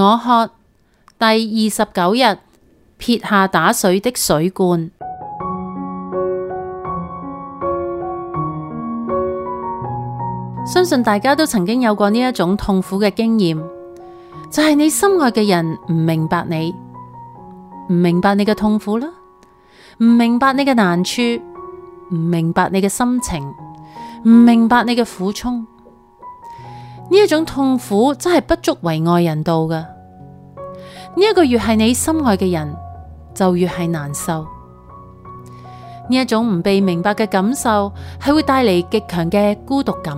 我渴第二十九日撇下打水的水罐，相信大家都曾經有過呢一種痛苦嘅經驗，就係、是、你心愛嘅人唔明白你，唔明白你嘅痛苦啦，唔明白你嘅難處，唔明白你嘅心情，唔明白你嘅苦衷。呢一種痛苦真係不足為外人道嘅。呢、這、一個越係你心愛嘅人，就越係難受。呢一種唔被明白嘅感受，係會帶嚟極強嘅孤獨感，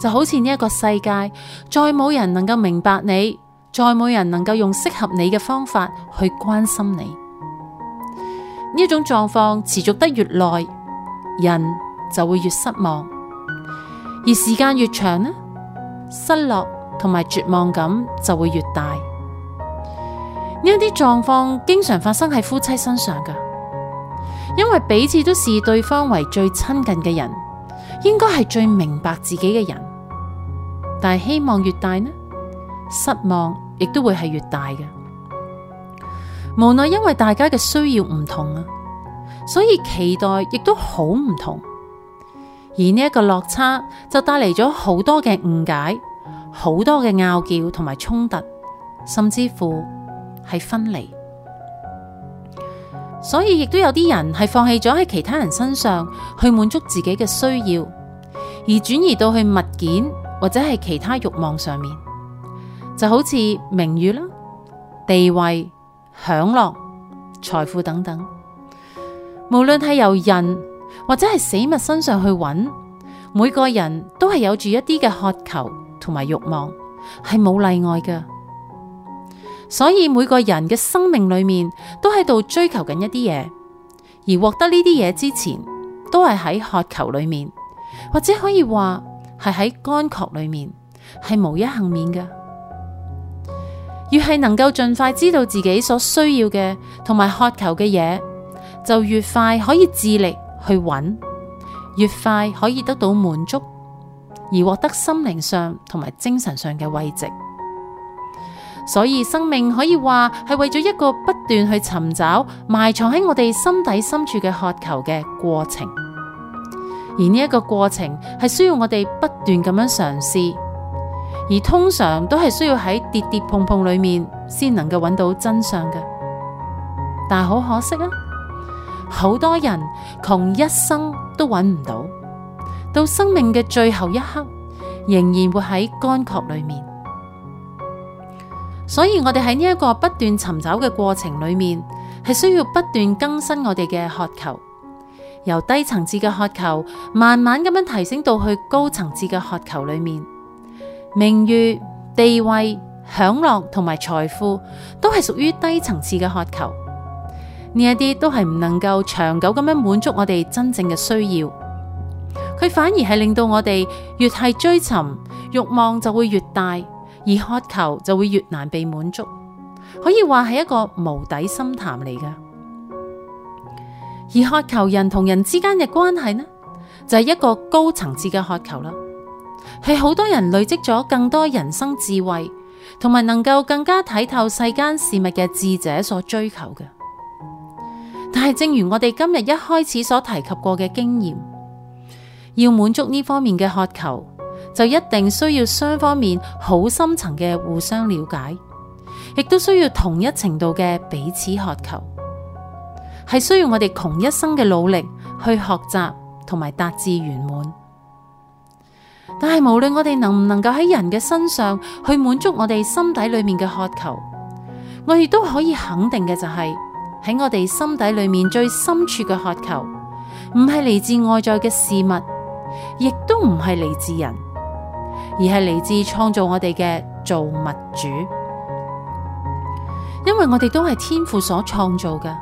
就好似呢一個世界再冇人能夠明白你，再冇人能夠用適合你嘅方法去關心你。呢一種狀況持續得越耐，人就會越失望，而時間越長呢？失落同埋絕望感就會越大，呢一啲狀況經常發生喺夫妻身上噶，因為彼此都視對方為最親近嘅人，應該係最明白自己嘅人，但係希望越大呢，失望亦都會係越大嘅，無奈因為大家嘅需要唔同啊，所以期待亦都好唔同。而呢一個落差就帶嚟咗好多嘅誤解，好多嘅拗撬同埋衝突，甚至乎係分離。所以亦都有啲人係放棄咗喺其他人身上去滿足自己嘅需要，而轉移到去物件或者係其他慾望上面，就好似名譽啦、地位、享樂、財富等等，無論係由人。或者係死物身上去揾，每個人都係有住一啲嘅渴求同埋欲望，係冇例外嘅。所以每個人嘅生命裏面都喺度追求緊一啲嘢，而獲得呢啲嘢之前，都係喺渴求裏面，或者可以話係喺乾涸裏面，係無一幸免嘅。越係能夠盡快知道自己所需要嘅同埋渴求嘅嘢，就越快可以致力，去揾，越快可以得到滿足，而獲得心靈上同埋精神上嘅慰藉。所以生命可以話係為咗一個不斷去尋找埋藏喺我哋心底深處嘅渴求嘅過程。而呢一個過程係需要我哋不斷咁樣嘗試，而通常都係需要喺跌跌碰碰裏面先能夠揾到真相嘅。但係好可惜啊！好多人窮一生都搵唔到，到生命嘅最後一刻，仍然活喺乾涸裏面。所以，我哋喺呢一個不斷尋找嘅過程裏面，係需要不斷更新我哋嘅渴求，由低層次嘅渴求，慢慢咁樣提升到去高層次嘅渴求裏面。名譽、地位、享樂同埋財富，都係屬於低層次嘅渴求。呢一啲都係唔能夠長久咁樣滿足我哋真正嘅需要，佢反而係令到我哋越係追尋，慾望就會越大，而渴求就會越難被滿足，可以話係一個無底深潭嚟㗎。而渴求人同人之間嘅關係呢，就係一個高層次嘅渴求啦，係好多人累積咗更多人生智慧，同埋能夠更加睇透世間事物嘅智者所追求嘅。但係，正如我哋今日一開始所提及過嘅經驗，要滿足呢方面嘅渴求，就一定需要雙方面好深層嘅互相了解，亦都需要同一程度嘅彼此渴求，係需要我哋窮一生嘅努力去學習同埋達至圓滿。但係，無論我哋能唔能夠喺人嘅身上去滿足我哋心底裏面嘅渴求，我亦都可以肯定嘅就係、是。喺我哋心底裏面最深處嘅渴求，唔係嚟自外在嘅事物，亦都唔係嚟自人，而係嚟自創造我哋嘅造物主。因為我哋都係天父所創造嘅，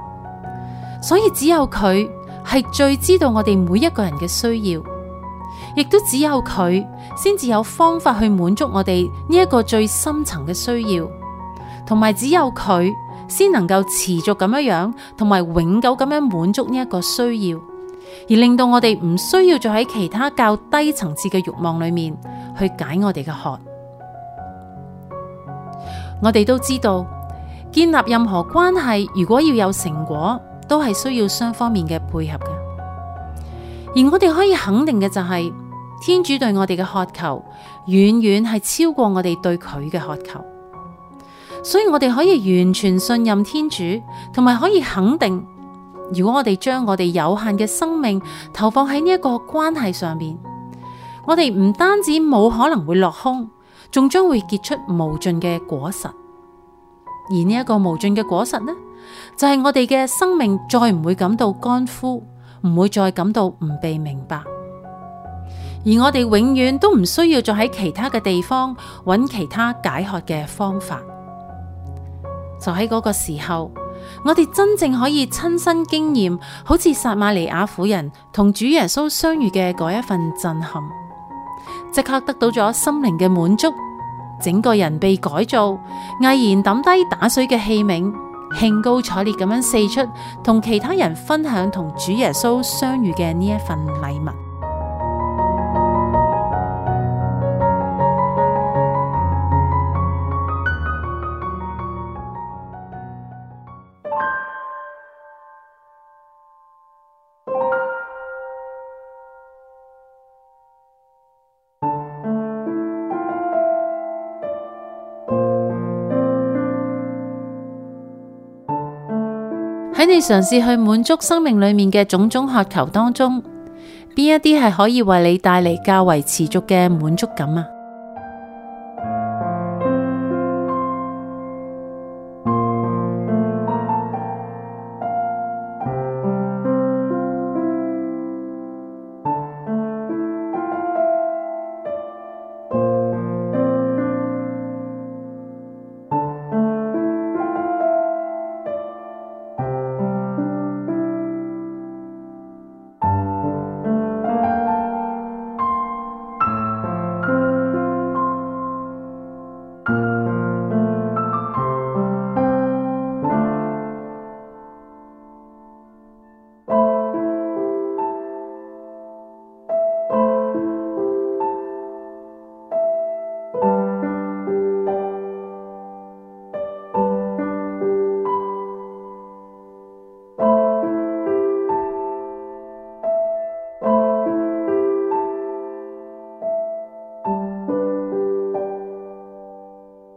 所以只有佢係最知道我哋每一個人嘅需要，亦都只有佢先至有方法去滿足我哋呢一個最深層嘅需要，同埋只有佢。先能夠持續咁樣樣，同埋永久咁樣滿足呢一個需要，而令到我哋唔需要再喺其他較低層次嘅慾望裏面去解我哋嘅渴。我哋都知道，建立任何關係如果要有成果，都係需要雙方面嘅配合嘅。而我哋可以肯定嘅就係，天主對我哋嘅渴求，遠遠係超過我哋對佢嘅渴求。所以我哋可以完全信任天主，同埋可以肯定，如果我哋將我哋有限嘅生命投放喺呢一個關係上面，我哋唔單止冇可能會落空，仲將會結出無盡嘅果實。而呢一個無盡嘅果實呢，就係我哋嘅生命再唔會感到乾枯，唔會再感到唔被明白，而我哋永遠都唔需要再喺其他嘅地方揾其他解渴嘅方法。就喺嗰個時候，我哋真正可以親身經驗，好似撒瑪黎雅婦人同主耶穌相遇嘅嗰一份震撼，即刻得到咗心靈嘅滿足，整個人被改造，毅然抌低打水嘅器皿，興高采烈咁樣四出，同其他人分享同主耶穌相遇嘅呢一份禮物。喺你嘗試去滿足生命裏面嘅種種渴求當中，邊一啲係可以為你帶嚟較為持續嘅滿足感啊？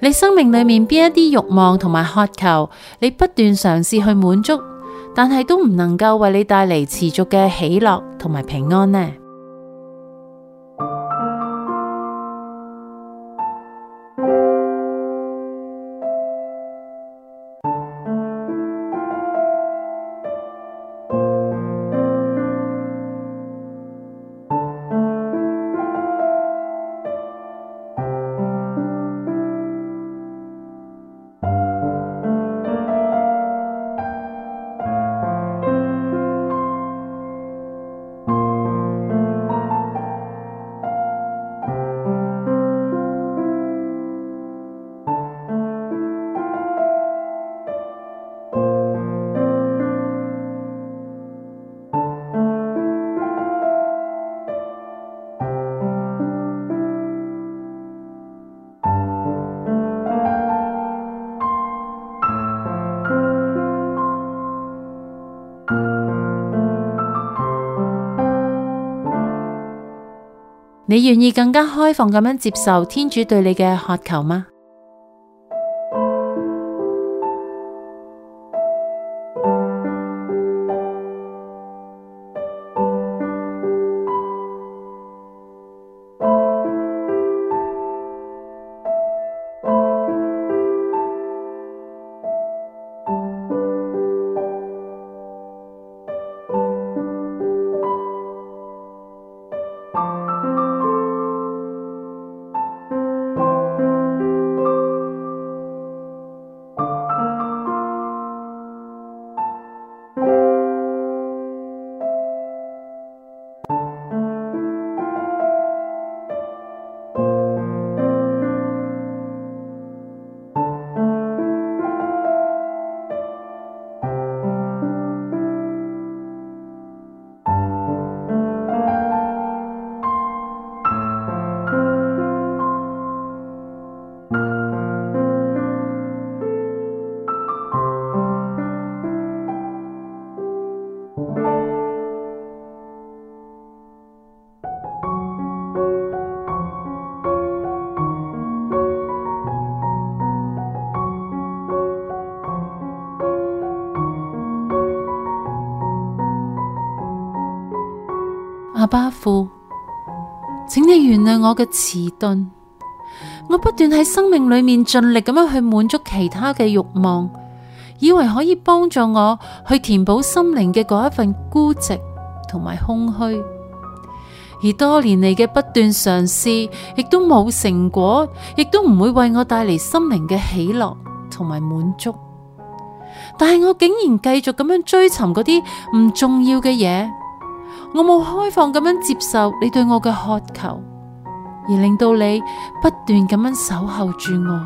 你生命裏面邊一啲慾望同埋渴求，你不斷嘗試去滿足，但係都唔能夠為你帶嚟持續嘅喜樂同埋平安呢？你願意更加開放咁樣接受天主對你嘅渴求嗎？阿爸父，請你原諒我嘅遲鈍。我不斷喺生命裏面盡力咁樣去滿足其他嘅慾望，以為可以幫助我去填補心靈嘅嗰一份孤寂同埋空虛。而多年嚟嘅不斷嘗試，亦都冇成果，亦都唔會為我帶嚟心靈嘅喜樂同埋滿足。但係我竟然繼續咁樣追尋嗰啲唔重要嘅嘢。我冇開放咁樣接受你對我嘅渴求，而令到你不斷咁樣守候住我。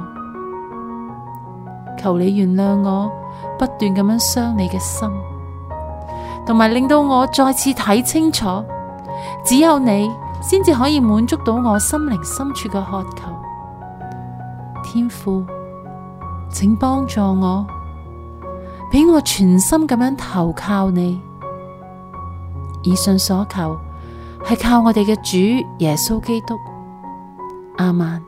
求你原諒我不斷咁樣傷你嘅心，同埋令到我再次睇清楚，只有你先至可以滿足到我心靈深處嘅渴求。天父，請幫助我，俾我全心咁樣投靠你。以上所求，係靠我哋嘅主耶穌基督。亞孟。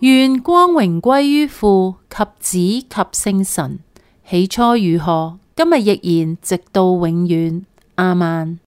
願光榮歸於父及子及聖神。起初如何，今日亦然，直到永遠。亞孟。